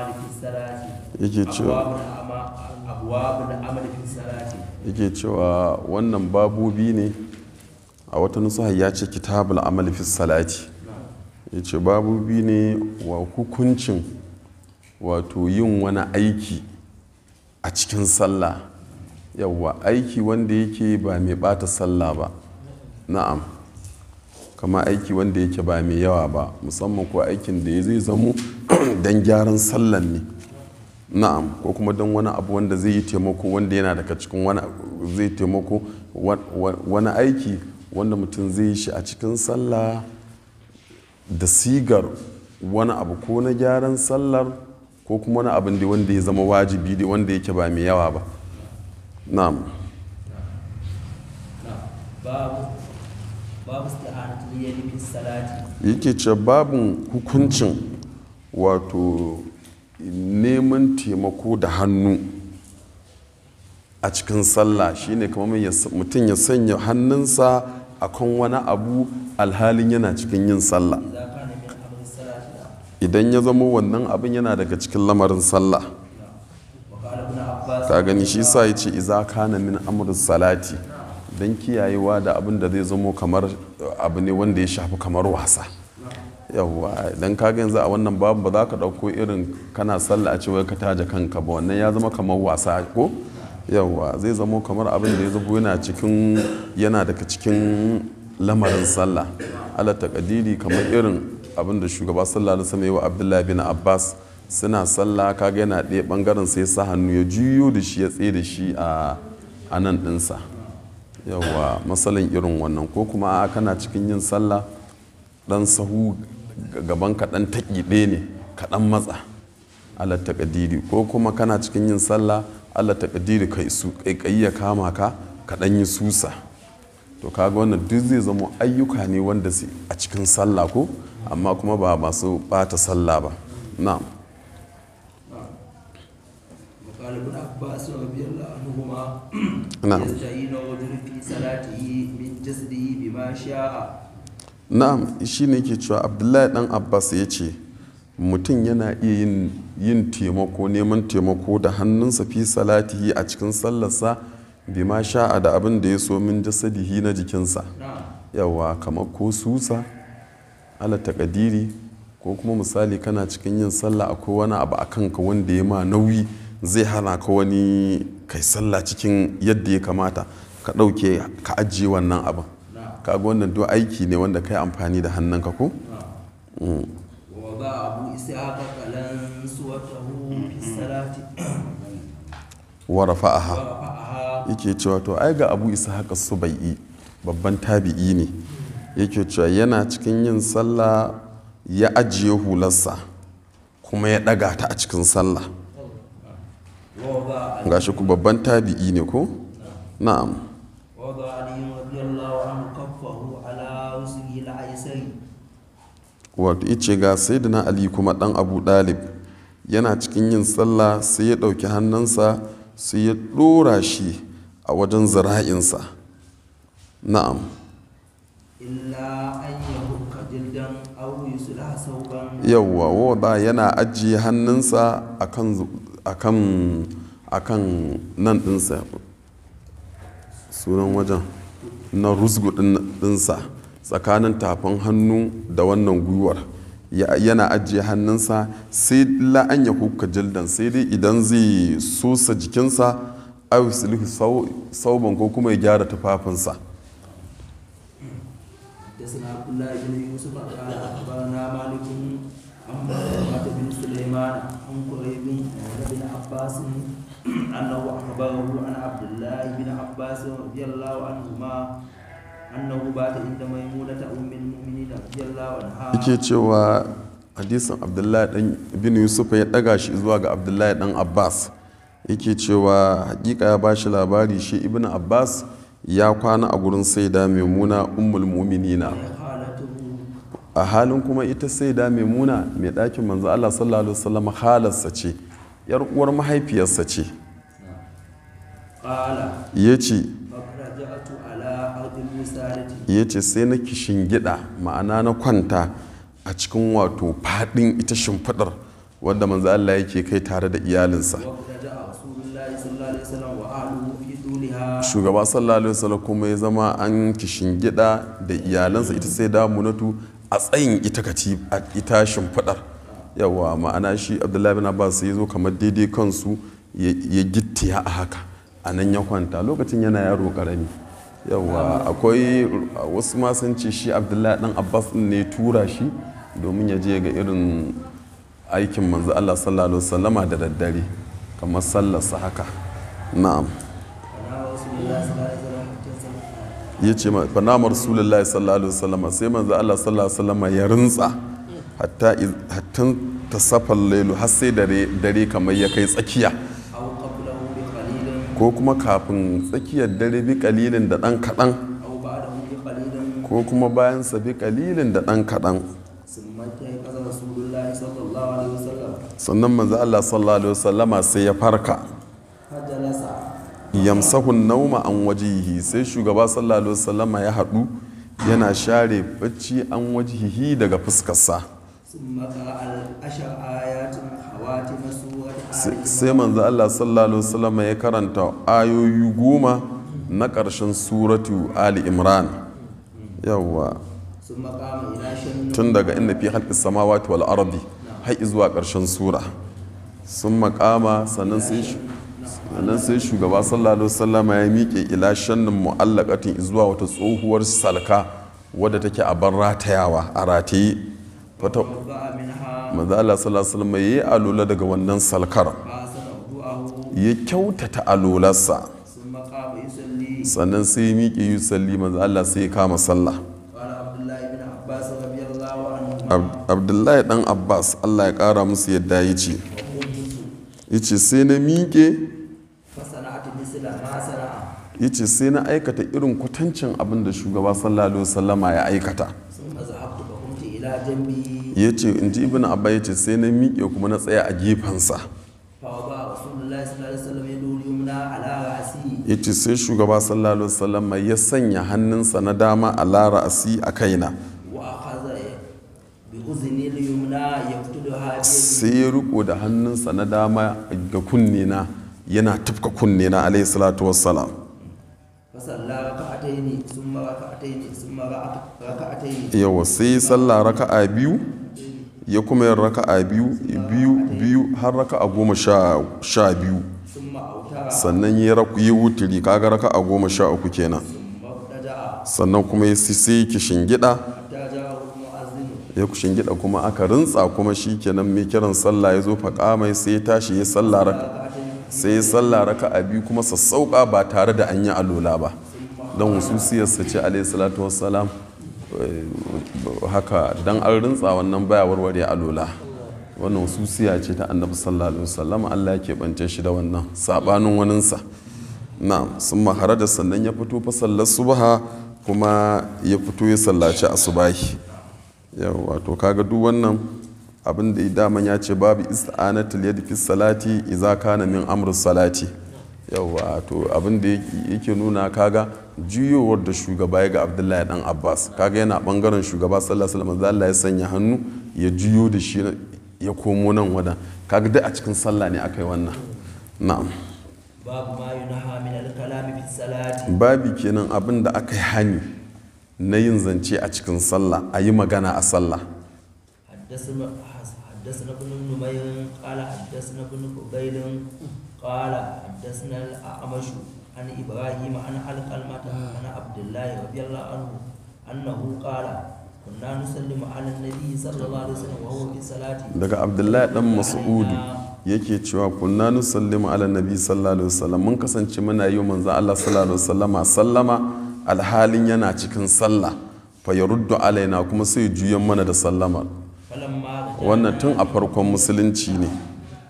yake cewa yake cewa wannan babobi ne a wata nusaha ya ce kitabul amali fi salati ya ce babobi ne wa hukuncin wato yin wani aiki a cikin sallah yawwa aiki wanda yake ba mai bata sallah ba na'am kama aiki wanda yake ba mai yawa ba musamman ko aikin da ya zai zamo don gyaran sallan ne na'am ko kuma don wani abu wanda zai yi taimako wanda yana daga cikin wani zai taimako wani aiki wanda mutum zai yi shi a cikin sallah da sigar wani abu ko na gyaran sallar ko kuma wani abin da wanda ya zama wajibi da wanda yake ba mai yawa ba na'am yake ce babin hukuncin wato neman taimako da hannu a cikin sallah shine kama mutum ya sanya hannunsa a kan wani abu alhalin yana cikin yin sallah idan ya zama wannan abin yana daga cikin lamarin sallah ta gani shi sa ya ce iza kana min amurin salati don kiyayewa da abin da zai zamo kamar eh, abu ne wanda ya shafi kamar wasa yawwa don kaga yanzu a wannan babu ba za ka ɗauko irin kana sallah a cewa ka taje kanka ba wannan ya zama kamar wasa ko yawwa zai zamo kamar abin da ya zamo yana cikin yana daga cikin lamarin sallah ala takadiri kamar irin abin da shugaba sallah na sama wa abdullahi bin abbas suna sallah kaga yana ɗaya bangaren sai sa hannu ya juyo da shi ya tsaye da shi a nan ɗinsa yawa matsalan irin wannan ko kuma a kana cikin yin sallah dan sahu gaban kaɗan taƙiɗe ne kaɗan matsa ala ko kuma kana cikin yin sallah ala taƙadiri yi su ƙaiƙayi ya kama ka kaɗan yi susa to kaga wannan duk zai zama ayyuka ne wanda su a cikin sallah ko amma kuma ba masu bata sallah ba na'am قال na'am shi ne ke cewa abdullahi dan abbas ya ce mutum yana iya yin taimako neman taimako da hannunsa fi salatihi a cikin sallarsa bima sha'a da abin da ya so min jasadihi na jikinsa yawa kamar ko susa ala takadiri ko kuma misali kana cikin yin sallah akwai wani abu a kanka wanda ya ma nauyi zai hana ka wani kai sallah cikin yadda ya kamata ka ɗauke ka ajiye wannan abin ka ga wannan duk aiki ne wanda kai amfani da hannun ka ko mm. wa rafa'aha yake cewa to ai ga abu isa haka su bai babban tabi'i ne yake cewa yana cikin yin sallah ya ajiye hularsa kuma ya ɗaga ta a cikin sallah gashi ku babban tabi'i ne ko na'am wato ice ga da ali kuma dan abu dalib yana cikin yin sallah sai ya ɗauki hannunsa sai ya ɗora shi a wajen zara'insa na'am yawwa woda yana ajiye hannunsa a kan akan nan dinsa sunan wajen na rusgu dinsa tsakanin tafin hannu da wannan gwiwar yana ajiye hannunsa sai la'an ya kuka jildan sai dai idan zai sosa jikinsa wasu sauban ko kuma ya gyara tufafinsa عن محمد بن سليمان عن قريب بن عباس أنه أخبره عن عبد الله بن عباس رضي الله عنهما أنه بات عند ميمونة أم المؤمنين رضي الله عنها hadisin abdullahi dan bin yusuf ya daga shi zuwa ga abdullahi dan abbas yake cewa hakika ya ba shi labari shi ibn abbas ya kwana a gurin saida maimuna ummul muminina a halin kuma ita sai da muna mai ɗakin manzo Allah sallallahu alaihi wasallam halarsa ce yar uwar mahaifiyarsa ce ya ce ya ce sai na kishin gida ma'ana na kwanta a cikin wato faɗin ita shimfiɗar wadda manzo Allah yake kai tare da iyalinsa shugaba sallallahu alaihi wasallam kuma ya zama an kishin gida da iyalansa ita sai munatu a tsayin ita ci a ita shimfiɗar yawa ma'ana shi abdullahi bin abbas ya zo kamar daidai kansu ya gittiya a haka a nan ya kwanta lokacin yana yaro karami yawa akwai wasu masanci shi abdullahi dan abbas ne tura shi domin ya je ga irin aikin manzo allah sallallahu Salama da daddare kamar sallarsa haka na'am ya ce fa nama sallallahu alaihi wasallam sai manzo Allah sallallahu alaihi wasallam ya rintsa hatta hatta tasafal lailu har sai dare dare kamar ya kai tsakiya ko kuma kafin tsakiyar dare bi kalilin da dan kadan ko kuma bayan sa bi kalilin da dan kadan sannan manzo Allah sallallahu alaihi wasallam sai ya farka yamsahun nauma an wajihi sai shugaba sallallahu alaihi wasallama ya haɗu yana share bacci an wajihi daga fuskarsa sai manzo Allah sallallahu alaihi wasallam ya karanta ayoyi goma na ƙarshen suratu ali imran yawa tun daga inna fi halƙi samawati wal ardi har zuwa ƙarshen sura sun makama sannan sai nan sai shugaba sallallahu alaihi wasallama ya miƙe ila shannin mu'allaqatin zuwa wata tsohuwar salka wadda take a ban ratayawa a rataye fata manzo Allah sallallahu alaihi yi yayi alula daga wannan salkar ya kyautata alularsa sannan sai ya miƙe yusalli manzo Allah sai ya kama sallah abdullahi dan abbas allah ya kara musu yadda ce ya ce sai na miƙe ya ce sai na aikata irin kwatancin abin da shugaba sallallahu sallama ya aikata ya ce in ji ibn abba ya ce sai na miƙe kuma na tsaya a gefensa ya ce sai shugaba sallallahu sallama ya sanya hannunsa na dama a lara asi a kaina sai ya riko da hannunsa na dama ga kunnena yana tufka kunnena alaihi salatu wassalam yawa sai sallah raka'a biyu ya kuma yin raka'a biyu biyu biyu har raka'a goma sha biyu sannan ya yi wuturi kaga raka'a goma sha uku kenan sannan kuma ya sai ki shingida ya ku shingida kuma aka rintsa kuma shi kenan mai kiran sallah ya zo faƙa mai sai ya tashi ya sallah raka'a sai ya sallah raka a biyu kuma sassauka ba tare da an yi alola ba don hususiyarsa ce alaihi salatu wassalam eh, haka don an rintsa wannan baya warware alola wannan hususiya ce ta annabi sallallahu alaihi wasallam Allah ya keɓance shi da wannan sabanin waninsa na sun mahara da sannan ya fito fa sallar subha kuma ya fito ya sallaci asubahi yawa to kaga duk wannan abin da daman ya ce babu ista'anatul yadi fi salati idza kana min amru salati yawa to abin da yake nuna kaga juyowar da shugaba ya ga abdullahi dan abbas kaga yana bangaren shugaba sallallahu alaihi wasallam Allah ya sanya hannu ya juyo da shi ya komo nan wadan kaga duk a cikin sallah ne akai wannan na'am babu ma yunaha min al-kalami fi salati babu kenan abin da aka yi hani na yin zance a cikin sallah a yi magana a sallah حدثنا ابن نمير قال حدثنا ابن قبيل قال حدثنا الأعمش عن إبراهيم عن عن عبد الله رضي الله عنه أنه قال كنا نسلم على النبي صلى الله عليه وسلم وهو في daga Abdullahi dan Mas'ud yake cewa kunna nusallimu ala nabi sallallahu alaihi wasallam mun kasance muna yi manzo Allah sallallahu alaihi sallama alhalin yana cikin sallah fa yaruddu alaina kuma sai juya mana da sallama wannan tun a farkon musulunci ne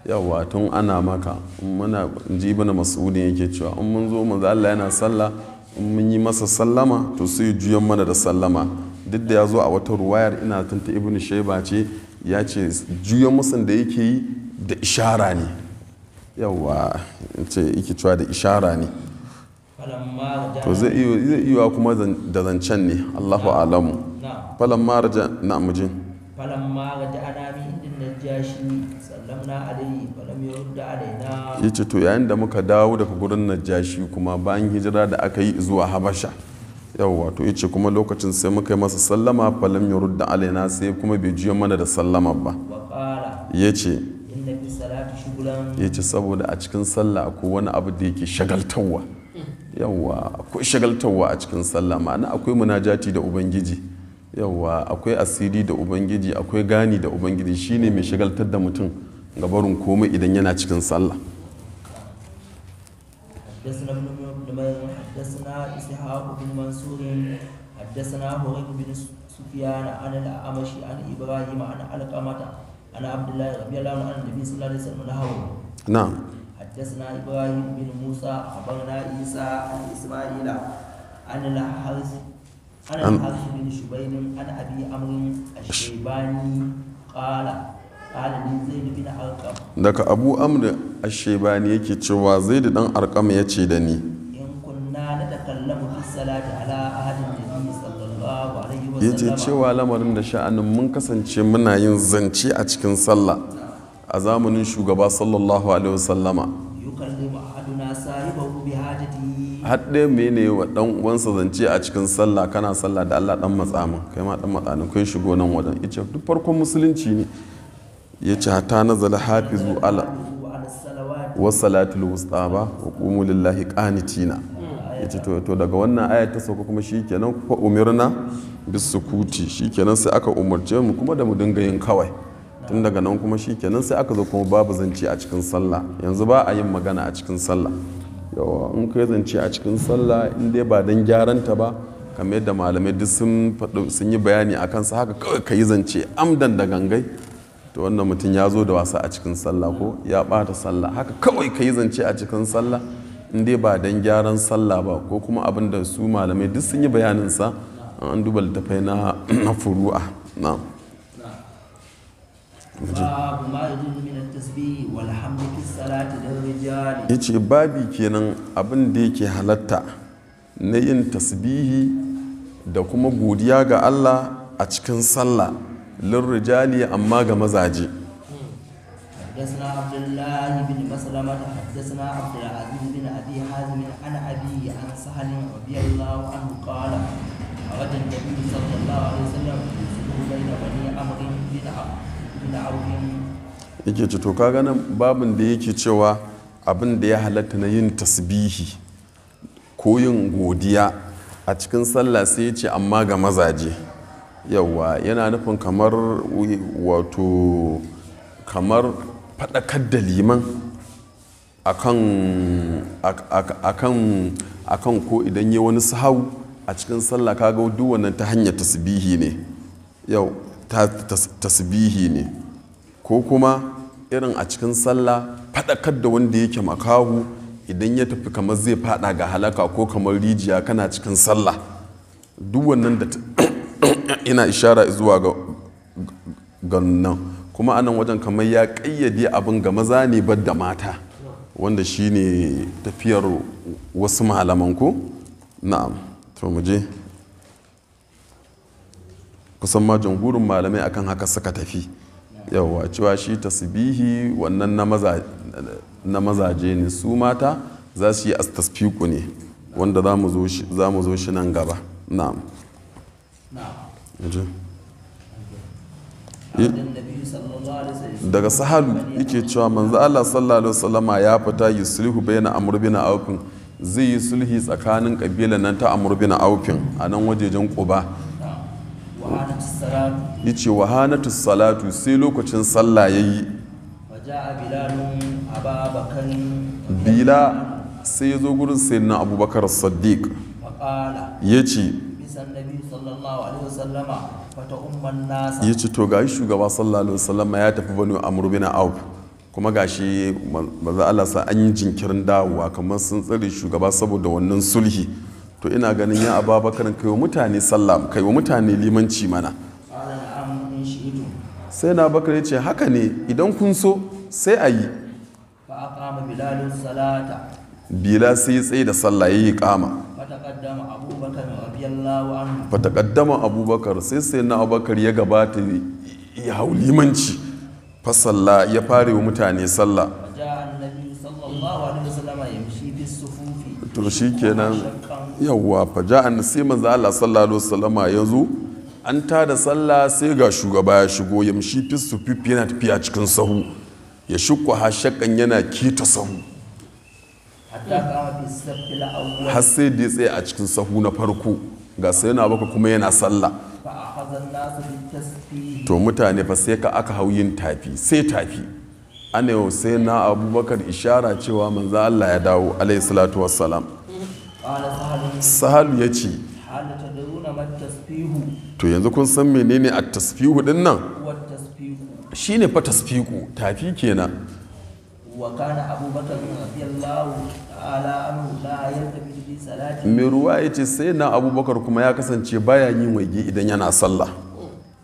yawa tun ana maka muna ji bana mas'udin yake cewa in mun zo manzo Allah yana sallah in mun yi masa sallama to yi juyan mana da sallama duk da ya zo a wata ruwayar ina tunta ibn shaiba ce ya ce juyan musun da yake yi da ishara ne yawa ce yake cewa da ishara ne to zai iya kuma da zancen ne allahu alamu falamma raja na mujin falamma raja'ana alayhi falam yace to yayin da muka dawo daga gurin najashi kuma bayan hijira da aka yi zuwa habasha yawwa to yace kuma lokacin sai muka yi masa sallama falam rudda alaina sai kuma bai jiyo mana da sallama ba yace yace saboda a cikin sallah akwai wani abu da yake shagaltarwa hmm. yawwa akwai shagaltarwa a cikin sallah ma'ana akwai munajati da ubangiji yawa akwai asiri da ubangiji akwai gani da ubangiji shine mai shagaltar da mutum ga barin komai idan yana cikin sallah حدثنا ابن نمير حدثنا اسحاق بن منصور حدثنا هريب بن سفيان عن عن ابراهيم عن عن عبد الله رضي الله عنه النبي صلى الله عليه وسلم نعم حدثنا ابراهيم بن موسى اخبرنا عيسى عن اسماعيل عن عن الحارث بن Ashe عن ابي daga abu ashebani yake cewa zai da dan arkama ya ce da ni ya ce cewa lamarin da sha'anin mun kasance muna yin zance a cikin sallah a zamanin shugaba sallallahu alaihi wasallama haɗe mai ne mene wa ɗan uwansa zance a cikin sallah kana sallah da Allah ɗan matsamin kai ma ɗan matsamin kai shigo nan wajen ice duk farkon musulunci ne ya yace ta nazala hafizu ala wa salatul wusta ba wa qumu lillahi qanitina yace to to daga wannan aya ta sauka kuma shikenan fa umirna bis sukuti shikenan sai aka umarce mu kuma da mu dinga yin kawai tun daga nan kuma shi kenan sai aka zo kuma babu zance a cikin sallah yanzu ba a yin magana a cikin sallah yawa in ka zance a cikin sallah in dai ba don ta ba kamar yadda malamai duk sun yi bayani a kansa haka kawai ka yi zance amdan da gangai to wannan mutum ya zo da wasa a cikin sallah ko ya bata sallah haka kawai ka yi zance a cikin sallah in dai ba don gyaran sallah ba ko kuma abin da su malamai duk sun yi bayaninsa an duba littafai na furu'a na'am babu ma babi kenan abin da yake halatta na yin tasbihi da kuma godiya ga Allah a cikin sallah lil amma ga mazaje حدثنا عبد الله بن مسلمة حدثنا عبد العزيز بن أبي حازم عن أبي عن سهل رضي الله عنه قال خرج النبي صلى الله عليه وسلم بين بني بن عبد yake ce to kaga nan babin da yake cewa abin da ya halatta na yin tasbihi ko yin godiya a cikin sallah sai ya ce amma ga mazaje yawa yana nufin kamar wato kamar faɗakar da liman akan ko idan ya wani sahau a cikin sallah kaga duk wannan ta hanyar tasbihi ne yau tasbihi ne ko kuma irin a cikin sallah faɗakar da wanda yake makahu idan ya tafi kamar zai faɗa ga halaka ko kamar rijiya kana cikin sallah duk wannan da ina ishara zuwa ga nan kuma anan wajen kamar ya ƙayyade abin ga maza ne bar da mata wanda shine tafiyar wasu malaman ko na'am to mu kusan ma jamhurin malamai akan haka suka tafi yawwa cewa shi tasbihi wannan na mazaje ne su mata za su yi astasfiku ne wanda za mu zo shi nan gaba na'am daga sahalu yake cewa manzo Allah sallallahu alaihi wasallama ya fita yi sulhu na amurbi na aufin zai yi sulhi tsakanin kabila nan ta amurbi na aufin a nan wajejen quba ya ce wa salatu sai lokacin sallah ya yi bila sai ya zo gurin sai na abubakar sadiq ya ce ya ce to gashi shugaba sallallahu alaihi wasallama ya tafi bani a murbina auf kuma gashi maza Allah sa an yi jinkirin dawowa kamar sun tsare shugaba saboda wannan sulhi to ina ganin ya ababakar kai wa mutane sallam kai wa mutane limanci mana sai na bakar ya ce haka ne idan kun so sai a yi bila sai ya tsaye da sallah ya yi kama fatakaddama abubakar sai sai na abubakar ya gabata ya hau limanci fasalla ya fare wa mutane sallah to shi kenan yawwa faja an sai manzo Allah sallallahu alaihi wasallama yanzu an tada da sallah sai ga shugaba ya shigo yamshi fisu fifi yana tafiya cikin sahu ya shukwa hashakan yana keta sahu har sai da ya tsaye a cikin sahu na farko ga sai yana baka kuma yana sallah to mutane fa sai ka aka hau yin tafi sai tafi ana yau sai na abubakar ishara cewa manzo Allah ya dawo alayhi salatu wassalam sahalu ya ce to yanzu kun san menene a tasfihu din nan shi ne fa tasfiku tafi kenan wa kana abubakar radiyallahu ta'ala anhu la yaltafi bi salati mai ruwa ce sai na abubakar kuma ya kasance baya yin waje idan yana sallah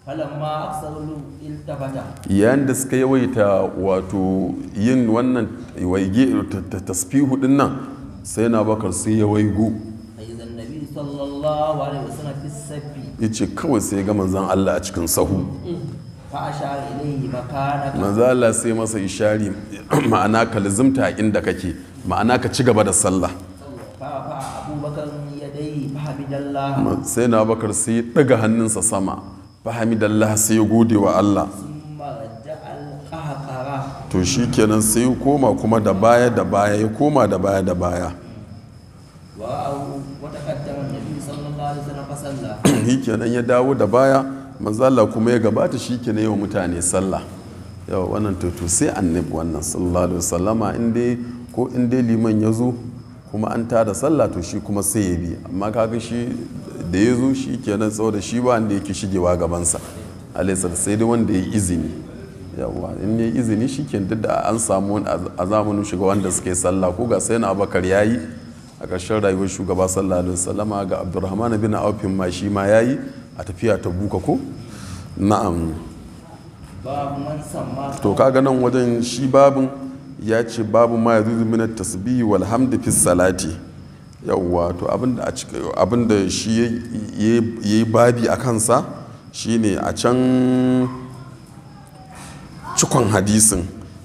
falamma aksaru iltabata yayin da suka yawaita wato yin wannan waige tasfihu din nan sai na bakar sai ya waigo ayyuzan nabi sallallahu alaihi wasallam fi sabbi ya ce kawai sai ga manzan Allah a cikin sahu manzan Allah sai masa ishari ma'ana ka lizimta inda kake ma'ana ka ci gaba da sallah sai na bakar sai ɗaga hannunsa sama fahimidallah sai ya gode wa Allah to shi kenan sai ya koma kuma da baya da baya ya koma da baya da baya tahi kenan ya dawo da baya manzala kuma ya gabata shi ke wa mutane sallah yawa wannan to sai annabi wannan sallallahu alaihi wasallama inda ko in dai liman ya zo kuma an tada sallah to shi kuma sai ya bi amma kaga shi da ya zo shi kenan saboda shi ba wanda yake shigewa gabansa alaihi sai dai wanda ya yi izini yawa in ya yi izini shi ke duk da an samu a zamanin shiga wanda suke sallah ko ga sai na abakar ya yi a ƙarshen rayuwar shugaba sallallahu alaihi wasallama ga abdurrahman bin aufin ma shi ma yayi a tafiya ta buka ko na'am to kaga nan wajen shi babin ya ce babu ma yazuzu min tasbihi wal hamdi fi salati yawwa to abinda shi yayi babi a kansa shine a can cikon hadisin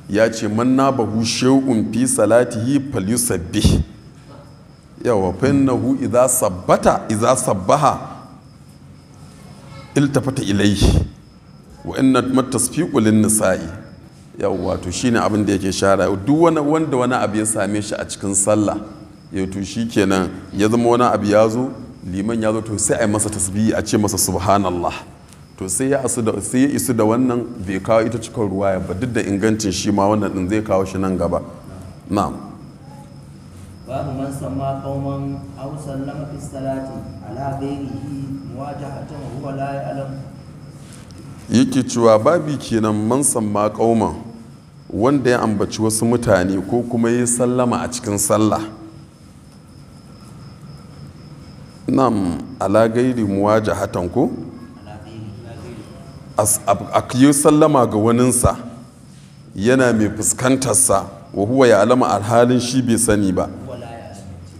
ya ce man na bahu shay'un fi salatihi falyusabbih yawa fannahu idza sabbata idza sabbaha iltafata ilayhi wa inna matasfiqu lin nisa'i yawa to shine abin da yake shara duk wani wanda wani abu ya same shi a cikin sallah ya eh to shikenan ya zama wani abu ya zo liman ya zo to sai a yi masa tasbihi a ce masa subhanallah to sai ya asu da sai ya isu da wannan bai kawo ita cikin ruwaya ba duk da ingancin shi ma wannan din zai kawo shi nan gaba na'am باب من سمى قوما أو سلم في الصلاة على غيره مواجهة وهو لا يعلم yake cewa babi kenan man samma kauma wanda ya ambaci wasu mutane ko kuma ya sallama a cikin sallah nam alagairi muwaja hatan ko a yi sallama ga waninsa yana mai fuskantarsa wa huwa ya alama alhalin shi bai sani ba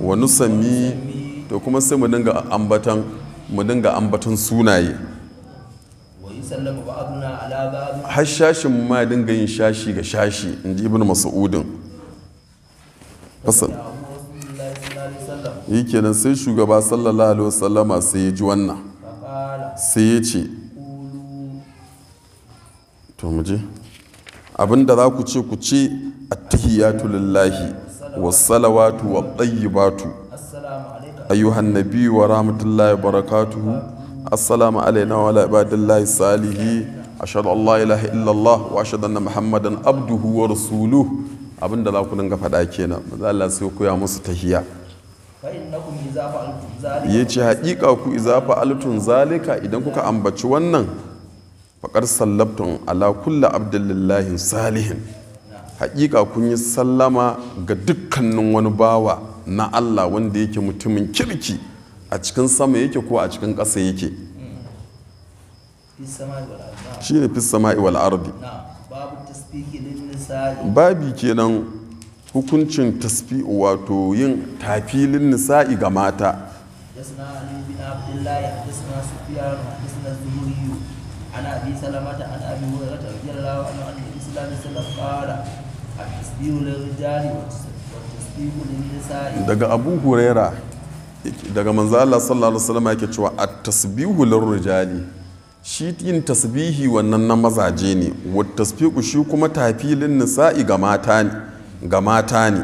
Wani sami to kuma sai mu dinga ambatan mu dinga ambatan sunaye har shashin ma dinga yin shashi ga shashi in ji ibn mas'udin fasan yi kenan sai shugaba sallallahu alaihi wasallama sai ya ji wannan sai ya ce to mu je abinda za ku ce ku ce attahiyatu lillahi wasalawatu wa tsayibatu ayyuhan nabi wa rahmatullahi wa barakatuhu assalamu alaina wa ala ibadillahi salihi ashhadu an la ilaha illallah wa ashhadu anna muhammadan abduhu wa rasuluh abinda za ku dinga faɗa kenan maza Allah sai koya musu tahiya ya ce haƙiƙa ku izafa altun zalika idan kuka ambaci wannan faƙar sallabtun ala kulla salihin hakika kun yi sallama ga dukkanin wani bawa na Allah wanda yake mutumin kirki a cikin sama yake ko a cikin ƙasa yake shi ne fi sama'i wal ardi babi kenan hukuncin tasfi wato yin tafilin nisa'i ga mata daga abu huraira daga manzo Allah sallallahu alaihi wasallam yake cewa at-tasbihu lirrijali shi yin tasbihi wannan na mazaje ne wa tasbihu shi kuma tafilin nisa'i ga mata ne ga mata ne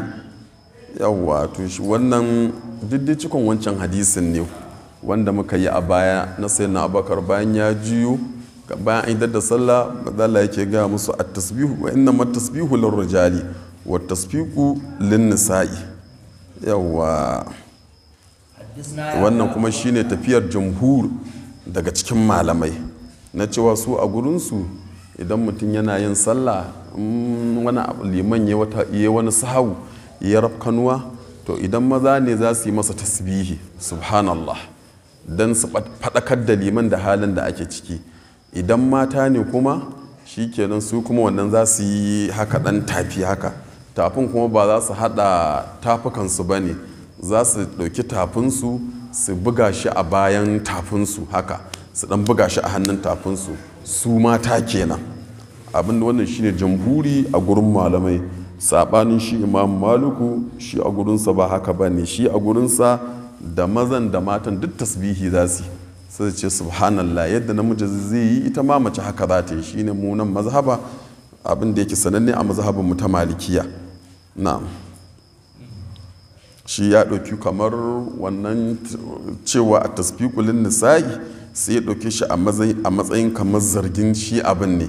yawa to shi wannan diddicikon wancan hadisin ne wanda muka yi a baya na sayyidina Abubakar bayan ya jiyo bayan an idar da sallah mazala yake ga musu a tasbihu wa inna ma tasbihu lil rijali wa tasbihu lin nisa'i yawa wannan kuma shine tafiyar jamhur daga cikin malamai na cewa su a gurinsu idan mutum yana yin sallah wani liman ya wani sahau ya rafkanuwa to idan maza ne za su yi masa tasbihi subhanallah don su faɗakar da liman da halin da ake ciki idan mata ne kuma shi kenan su kuma wannan za su yi haka ɗan tafi haka tafin kuma ba za su haɗa tafukansu ba ne za su ɗauki tafinsu su buga shi a bayan tafinsu haka su ɗan buga shi a hannun tafinsu su mata kenan abinda wannan shine jamhuri a gurin malamai saɓanin shi imam maluku shi a gurinsa ba haka ba ne shi a gurinsa da mazan da matan duk tasbihi za su yi sai ce subhanallah yadda namiji zai yi ita ma mace haka za ta yi shine mu nan mazhaba abin da yake sananne a mazhabin mu ta malikiya na'am shi ya ɗauki kamar wannan cewa a tasfikulin nisa'i sai ya ɗauke shi a matsayin kamar zargin shi abin ne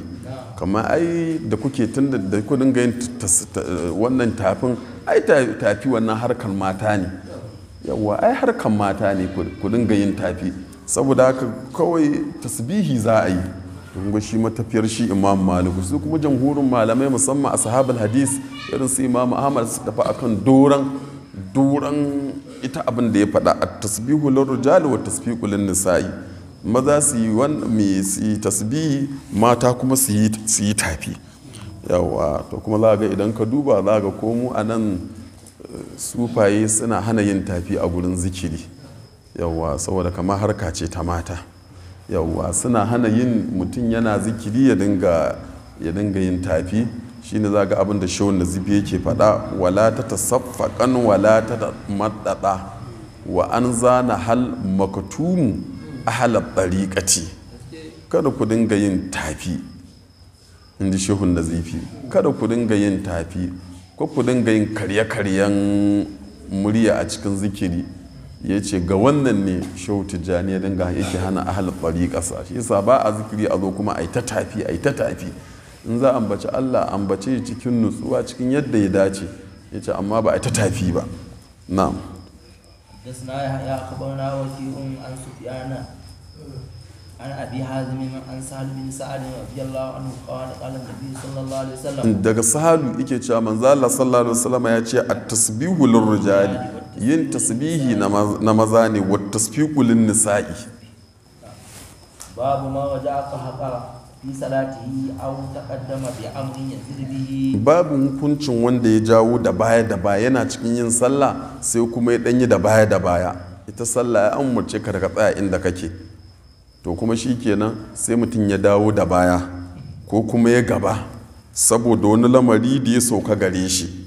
kamar ai da kuke tun da kudin wannan tafin ai tafi wannan harkar mata ne yawwa ai harkar mata ne ku dinga yin tafi saboda haka kawai tasbihi za a yi ga shi matafiyar shi imam maliku su kuma jamhurin malamai musamman a sahabar hadis irin su imam ahmad su tafi akan doran doran ita abin da ya faɗa a tasbihu lil rijali wa tasbihu lin nisa'i maza su yi wani su yi tasbihi mata kuma su yi tafi yawa to kuma za ga idan ka duba za ga komo a nan eh, sufaye suna hana yin tafi a gurin zikiri yawwa saboda kama harka ce ta mata yawwa suna hana yin mutum yana zikiri ya dinga yin tafi shine za ga abin da da zibi yake faɗa wala ta tasaffaƙan wala ta maɗaɗa wa an zana hal makatumu a halar ɗariƙaci kada ku dinga yin tafi in ji shehun nazifi kada ku dinga yin tafi ko ku dinga yin karye-karyen murya a cikin zikiri ya ce ga wannan ne shehu tijjani ya dinga yake hana ahal tsari ƙasa shi yasa ba a zikiri a zo kuma a yi ta tafi a yi ta tafi in za a ambaci allah a ambace cikin nutsuwa cikin yadda ya dace ya ce amma ba a yi ta tafi ba na'am حدثنا يحيى اخبرنا وكيع عن سفيان عن ابي حازم عن سهل بن سعد رضي الله عنه قال قال النبي صلى الله عليه وسلم daga sahalu ike cewa manzo Allah sallallahu alaihi wasallam ya ce at-tasbihu lirrijali yin tasbihi na maza ne wa tasfiqulin nisa'i babu ma waje aka haka fi salatihi aw taqaddama bi amrin babu hukuncin wanda ya jawo da baya da baya yana cikin yin sallah sai kuma ya danyi da baya da baya ita sallah ya amurce ka daga tsaya inda kake to kuma shi kenan sai mutum ya dawo da baya ko kuma ya gaba saboda wani lamari da ya sauka gare shi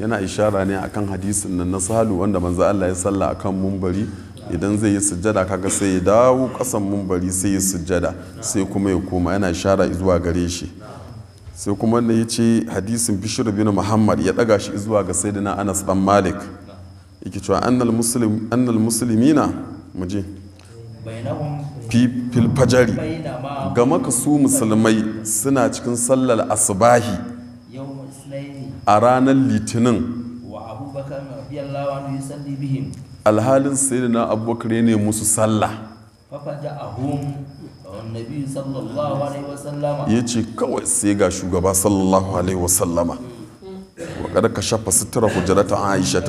yana ishara ne akan hadisin nan na salu wanda manzo Allah ya salla akan mumbari idan zai yi sujjada kaga sai ya dawo kasan mumbari sai ya sujjada sai kuma ya koma yana ishara zuwa gare shi sai kuma ne ya ce hadisin bishr bin muhammad ya daga shi zuwa ga sayyidina anas dan malik yake cewa annal muslim annal muslimina muje fil fajari ga su musulmai suna cikin sallar asubahi. a ranar litinin alhalin na abubakar ya ne musu sallah ya ce kawai sai ga shugaba sallallahu alaihi wasallama wa kada ka shafa sutura hujjarata aisha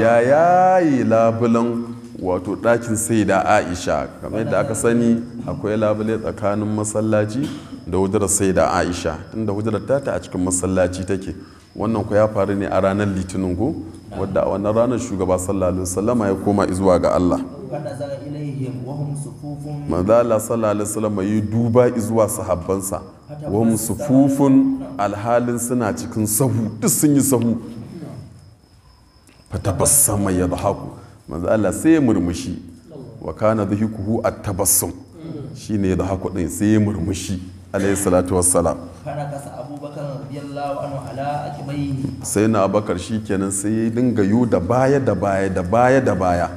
ya yayi labulan wato ɗakin sai da aisha kamar yadda aka sani akwai labule tsakanin masallaci da hujjar sai da aisha inda ta tata a cikin masallaci take wannan ku ya faru ne a ranar litinin ko wadda a wannan ranar shugaba sallallahu alaihi ya koma izuwa ga Allah manzala sallallahu alaihi wasallam yi duba izuwa sahabbansa wahum sufufun alhalin suna cikin sahu duk sun yi sahu fatabassama yadhaku manzo Allah sai ya murmushi wa kana dhihikuhu at-tabassum shine ya dhahaku din sai ya murmushi alayhi salatu wassalam sai na abakar shikenan sai ya dinga yu da baya da baya da baya da baya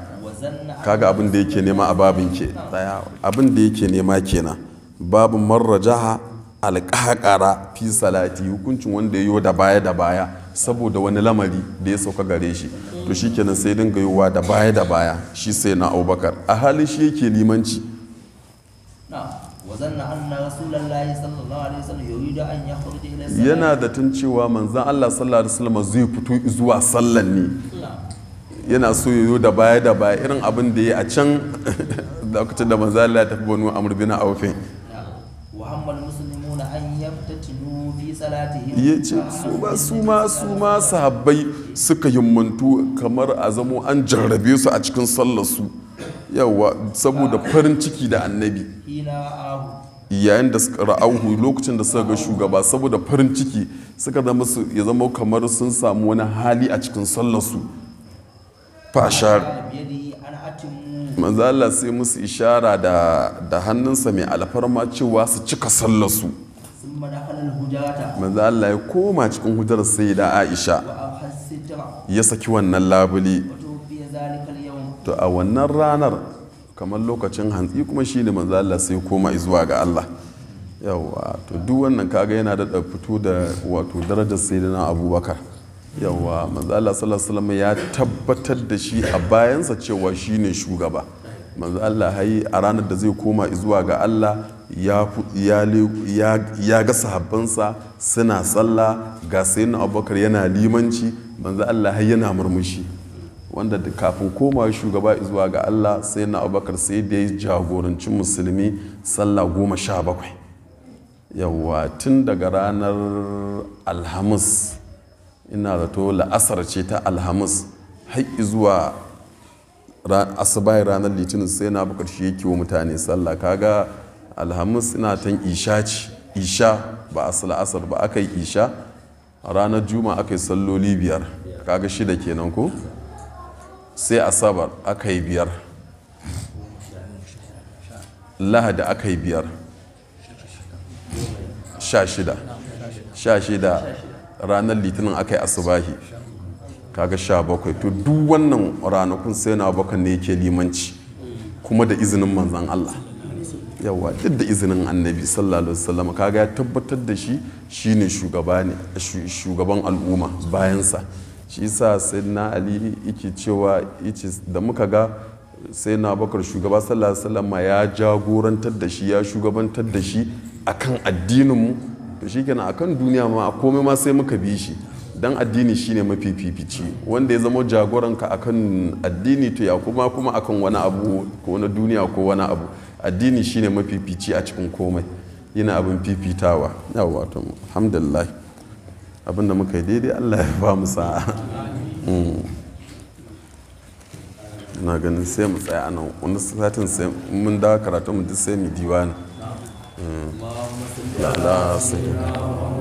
kaga abin da yake nema a babin ke abin da yake nema kenan babin marrajaha alƙaƙara fi salati hukuncin wanda ya yi da baya da baya saboda wani lamari da ya sauka gare shi to shi kenan sai dinga yiwuwa da baya da baya shi sai na abubakar a halin shi yake limanci yana da tun cewa manzan allah sallallahu alaihi wasallam zai fito zuwa sallan ne yana so yoyo da baya da baya irin abin da ya a can da kuta da manzan allah ya tafi banu amur bin aufin yace su ba su ma su ma sahabbai suka himmantu kamar a zamo an jarrabe su a cikin sallarsu yawa saboda farin ciki da annabi yayin da suka ra'auhu lokacin da suka ga shugaba saboda farin ciki suka zama su ya zama kamar sun samu wani hali a cikin sallarsu fashar manzala sai musu ishara da hannunsa mai alfarma cewa su cika sallarsu manzo Allah ya koma cikin hujjar sayyida Aisha ya saki wannan labuli to a wannan ranar kamar lokacin hantsi kuma shine manzo Allah sai koma zuwa ga Allah yawa to duk wannan kaga yana da fito da wato darajar sayyidina Abubakar yawa manzo Allah sallallahu alaihi ya tabbatar da shi a bayansa cewa shine shugaba manzo Allah hayi a ranar da zai koma zuwa ga Allah ya ga sahabbansa suna sallah ga sayyidina abubakar yana limanci banza Allah har yana murmushi wanda kafin koma shugaba zuwa ga Allah sayyidina abubakar sai da ya jagorancin musulmi sallah goma sha bakwai yawa tun daga ranar alhamis ina zato la'asar ce ta alhamis har zuwa asibai ranar litinin sai na bukar shi yake wa mutane sallah kaga alhamis ina tan isha ce isha ba a asar ba aka yi isha ranar juma aka yi salloli biyar kaga shida kenan ko sai asabar aka yi biyar lahadi aka yi biyar sha shida sha shida ranar litinin aka yi asubahi kaga sha bakwai to duk wannan ranakun sai na bakwai ne yake limanci kuma da izinin manzan Allah yawa duk da izinin annabi sallallahu alaihi wasallam kaga ya tabbatar da shi shine shugaba ne shugaban al'umma bayansa shi yasa sai na ali yake cewa yace da muka ga sai na bakar shugaba sallallahu alaihi wasallam ya jagorantar da shi ya shugabantar da shi akan addinin mu to shikenan akan duniya ma komai ma sai muka bi shi dan addini shine mafi fifici wanda ya zama jagoranka akan addini to ya kuma kuma akan wani abu ko na duniya ko wani abu addini shine mafifici a cikin komai yana abin fifitawa yawa wato alhamdulillah abinda muka yi daidai allah ya ba mu sa'a hmm. na ganin sai mu tsaya a nan wani satin sai mun dawa karatu mu duk sai mu diwani hmm. Allah sai